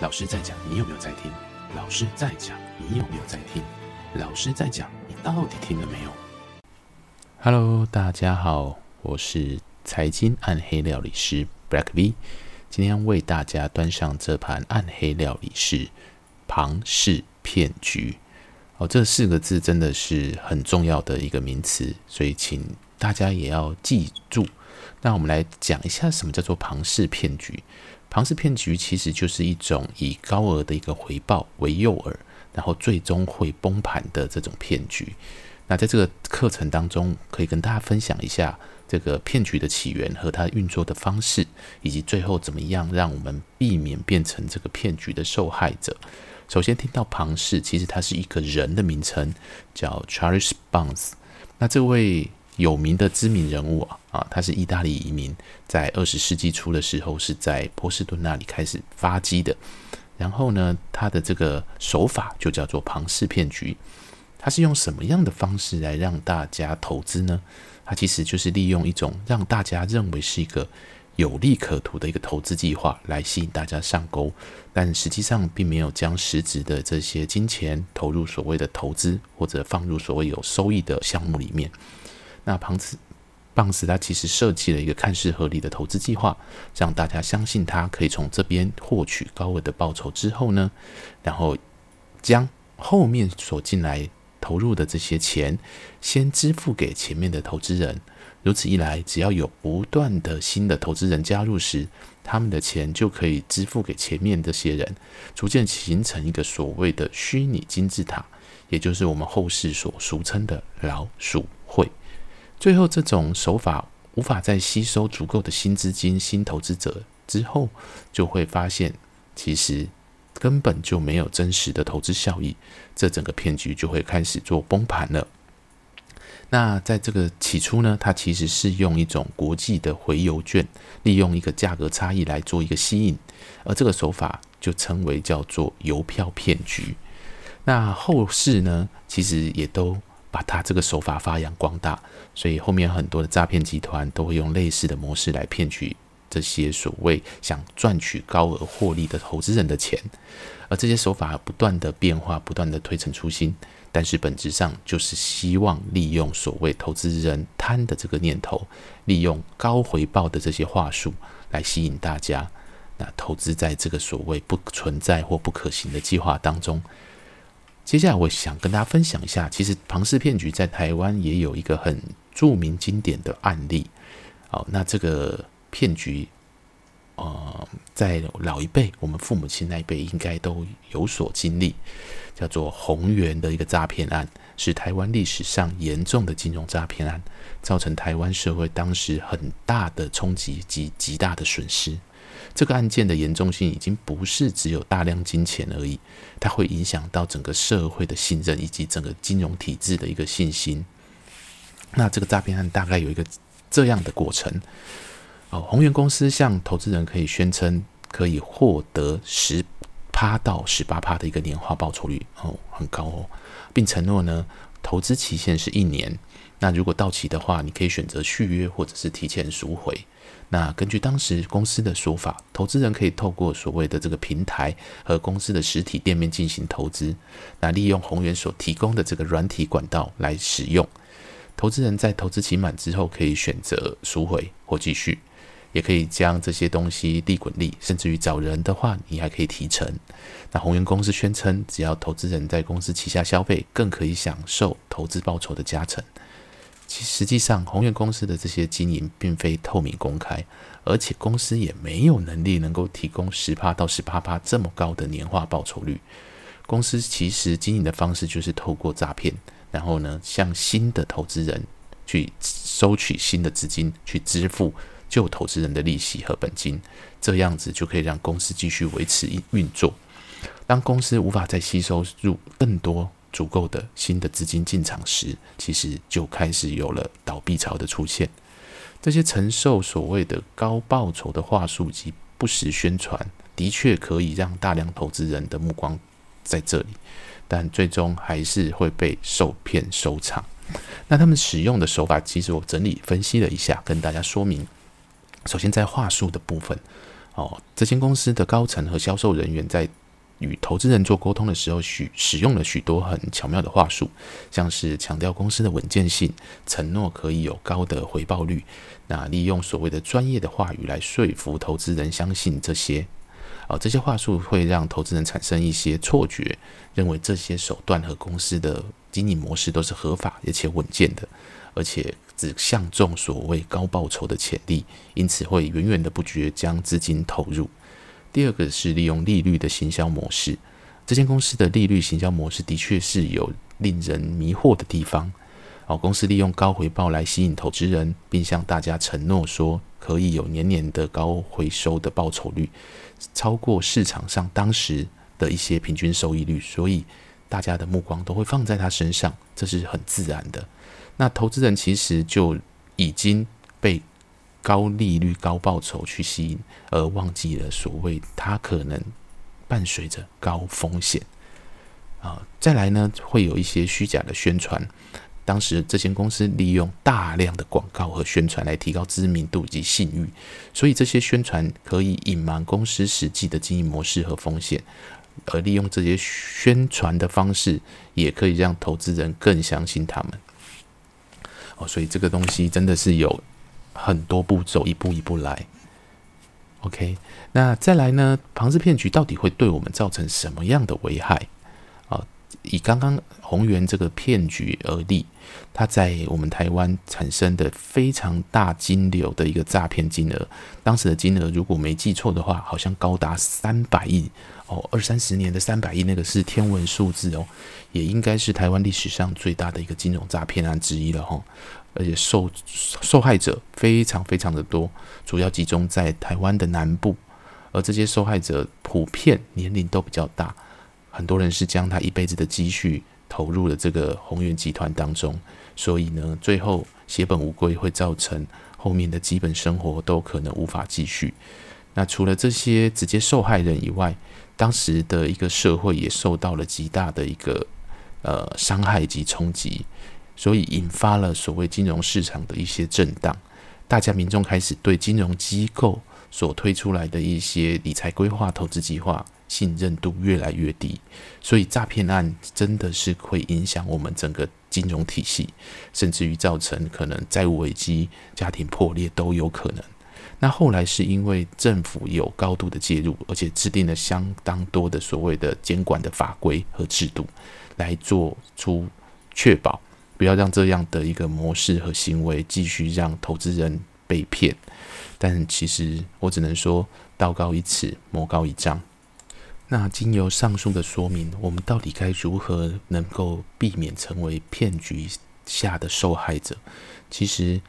老師在講，你有沒有在聽？老師在講，你有沒有在聽？老師在講，你到底聽了沒有？Hello，大家好，我是財經暗黑料理師 Black V，今天為大家端上這盤暗黑料理是龐氏騙局。哦，這四個字真的是很重要的一個名詞，所以請大家也要記住。那我們來講一下，什麼叫做龐氏騙局？龐氏騙局其實就是一種以高額的一個回報為誘餌，然後最終會崩盤的這種騙局。那在這個課程當中，可以跟大家分享一下這個騙局的起源和它運作的方式，以及最後怎麼樣讓我們避免變成這個騙局的受害者。首先聽到龐氏，其實他是一個人的名稱，叫 Charles Ponzi。那這位。有名的知名人物啊，啊，他是意大利移民，在二十世紀初的時候是在波士頓那裡開始發跡的。然後呢，他的這個手法就叫做龐氏騙局。他是用什麼樣的方式來讓大家投資呢？他其實就是利用一種讓大家認為是一個有利可圖的一個投資計劃來吸引大家上鈎，但實際上並沒有將實質的這些金錢投入所謂的投資或者放入所謂有收益的項目裡面。那龐茲，龐茲他其實設計了一個看似合理的投資計劃，讓大家相信他可以從這邊獲取高額的報酬。之後呢，然後將後面所進來投入的這些錢，先支付給前面的投資人。如此一來，只要有不斷的新的投資人加入時，他們的錢就可以支付給前面這些人，逐漸形成一個所謂的虛擬金字塔，也就是我們後世所俗稱的老鼠會。最後，這種手法無法再吸收足夠的新資金、新投資者之後，就會發現其實根本就沒有真實的投資效益，這整個騙局就會開始做崩盤了。那在這個起初呢，它其實是用一種國際的回郵券，利用一個價格差異來做一個吸引，而這個手法就稱為叫做郵票騙局。那後世呢，其實也都。把他這個手法發揚光大，所以後面很多的詐騙集團都會用類似的模式來騙取這些所謂想賺取高額獲利的投資人的錢，而這些手法不斷的變化，不斷的推陳出新，但是本質上就是希望利用所謂投資人貪的這個念頭，利用高回報的這些話術來吸引大家，那投資在這個所謂不存在或不可行的計劃當中。接下來，我想跟大家分享一下，其實龐氏騙局在台灣也有一個很著名經典的案例。好、哦，那這個騙局，呃，在老一輩，我們父母親那一輩應該都有所經歷，叫做“鴻源”的一個詐騙案，是台灣歷史上嚴重的金融詐騙案，造成台灣社會當時很大的衝擊及極大的損失。這個案件的嚴重性已經不是只有大量金錢而已，它會影響到整個社會的信任以及整個金融體制的一個信心。那這個詐騙案大概有一個這樣的過程：哦，宏源公司向投資人可以宣稱可以獲得十趴到十八趴的一個年化報酬率哦，很高哦，並承諾呢投資期限是一年，那如果到期的話，你可以選擇續約或者是提前贖回。那根據當時公司的說法，投資人可以透過所謂的這個平台和公司的實體店面進行投資，那利用宏源所提供的這個軟體管道來使用。投資人在投資期滿之後可以選擇贖回或繼續，也可以將這些東西利滾利，甚至於找人的話，你還可以提成。那宏源公司宣稱，只要投資人在公司旗下消費，更可以享受投資報酬的加成。其實際上，宏源公司的這些經營並非透明公開，而且公司也沒有能力能夠提供十趴到十八趴這麼高的年化報酬率。公司其實經營的方式就是透過詐騙，然後呢，向新的投資人去收取新的資金，去支付舊投資人的利息和本金，這樣子就可以讓公司繼續維持運作。當公司無法再吸收入更多。足夠的新的資金進場時，其實就開始有了倒閉潮的出現。這些承受所謂的高報酬的話術及不實宣傳，的確可以讓大量投資人的目光在這裡，但最終還是會被受騙收場。那他們使用的手法，其實我整理分析了一下，跟大家說明。首先在話術的部分，哦，這間公司的高層和銷售人員在。與投資人做溝通的時候，許使用了許多很巧妙的話術，像是強調公司的穩健性，承諾可以有高的回報率，那利用所謂的專業的話語來說服投資人相信這些。啊，這些話術會讓投資人產生一些錯覺，認為這些手段和公司的經營模式都是合法而且穩健的，而且只相中所謂高報酬的潛力，因此會源源不絕將資金投入。第二個是利用利率的行銷模式，這間公司的利率行銷模式的確是有令人迷惑的地方。哦，公司利用高回報來吸引投資人，並向大家承諾說可以有年年的高回收的報酬率，超過市場上當時的一些平均收益率，所以大家的目光都會放在他身上，這是很自然的。那投資人其實就已經被高利率、高報酬去吸引，而忘記了所謂它可能伴隨着高風險。啊，再來呢，會有一些虛假的宣傳。當時這些公司利用大量的廣告和宣傳來提高知名度及信譽，所以這些宣傳可以隱瞞公司實際的經營模式和風險，而利用這些宣傳的方式，也可以讓投資人更相信他們。哦，所以這個東西真的是有。很多步驟，一步一步來。OK，那再來呢？龐氏騙局到底會對我們造成什麼樣的危害？以剛剛鴻源這個騙局為例，它在我們台灣產生的非常大金流的一個詐騙金額，當時的金額如果沒記錯的話，好像高達三百億哦，二三十年的三百億，那個是天文數字哦，也應該是台灣歷史上最大的一個金融詐騙案之一了哈、哦，而且受受害者非常非常的多，主要集中在台灣的南部，而這些受害者普遍年齡都比較大。很多人是將他一輩子的積蓄投入了這個宏源集團當中，所以呢，最後血本無歸，會造成後面的基本生活都可能無法繼續。那除了這些直接受害人以外，當時的一個社會也受到了極大的一個呃傷害及衝擊，所以引發了所謂金融市場的一些震盪。大家民眾開始對金融機構所推出來的一些理財規劃、投資計劃，信任度越來越低，所以詐騙案真的是會影響我們整個金融體系，甚至於造成可能債務危機、家庭破裂都有可能。那後來是因為政府有高度的介入，而且制定了相當多的所謂的監管的法規和制度，來做出確保不要讓這樣的一個模式和行為繼續讓投資人被騙。但其實我只能說，道高一尺，魔高一丈。那經由上述的說明，我們到底該如何能夠避免成為騙局下的受害者？其實，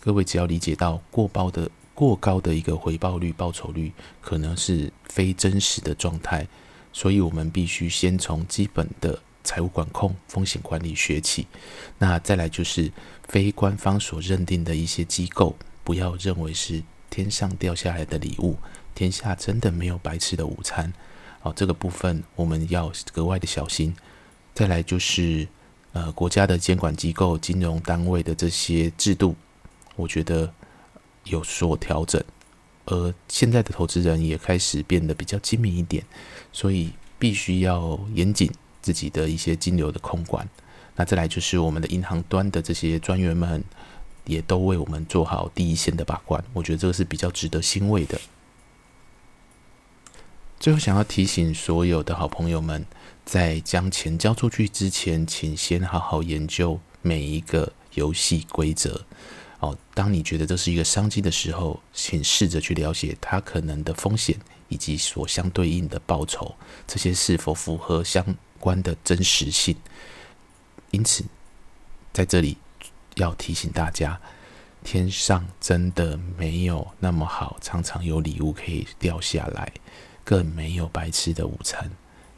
各位只要理解到過高的、過高的一個回報率、報酬率，可能是非真實的狀態，所以我們必須先從基本的財務管控、風險管理學起。那再來就是非官方所認定的一些機構，不要認為是天上掉下來的禮物，天下真的沒有白吃的午餐。好，這個部分我們要格外的小心。再來就是，呃，國家的監管機構、金融單位的這些制度，我覺得有所調整。而現在的投資人也開始變得比較精明一點，所以必須要嚴謹自己的一些金流的控管。那再來就是我們的銀行端的這些專員們，也都為我們做好第一線的把關。我覺得這個是比較值得欣慰的。最後，想要提醒所有的好朋友們，在將錢交出去之前，請先好好研究每一個遊戲規則哦。當你覺得這是一個商機的時候，請試着去了解它可能的風險以及所相對應的報酬，這些是否符合相關的真實性。因此，在這裡要提醒大家：天上真的沒有那麼好，常常有禮物可以掉下來。更沒有白吃的午餐，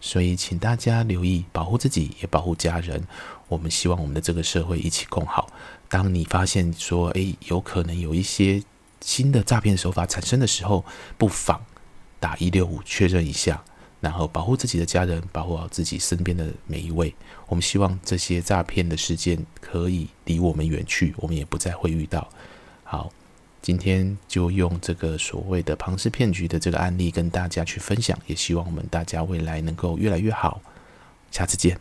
所以請大家留意，保護自己也保護家人。我們希望我們的這個社會一起共好。當你發現說，誒、欸，有可能有一些新的詐騙手法產生的時候，不妨打一六五確認一下，然後保護自己的家人，保護好自己身邊的每一位。我們希望這些詐騙的事件可以離我們遠去，我們也不再會遇到。好。今天就用這個所謂的龐氏騙局的這個案例跟大家去分享，也希望我們大家未來能夠越來越好。下次見。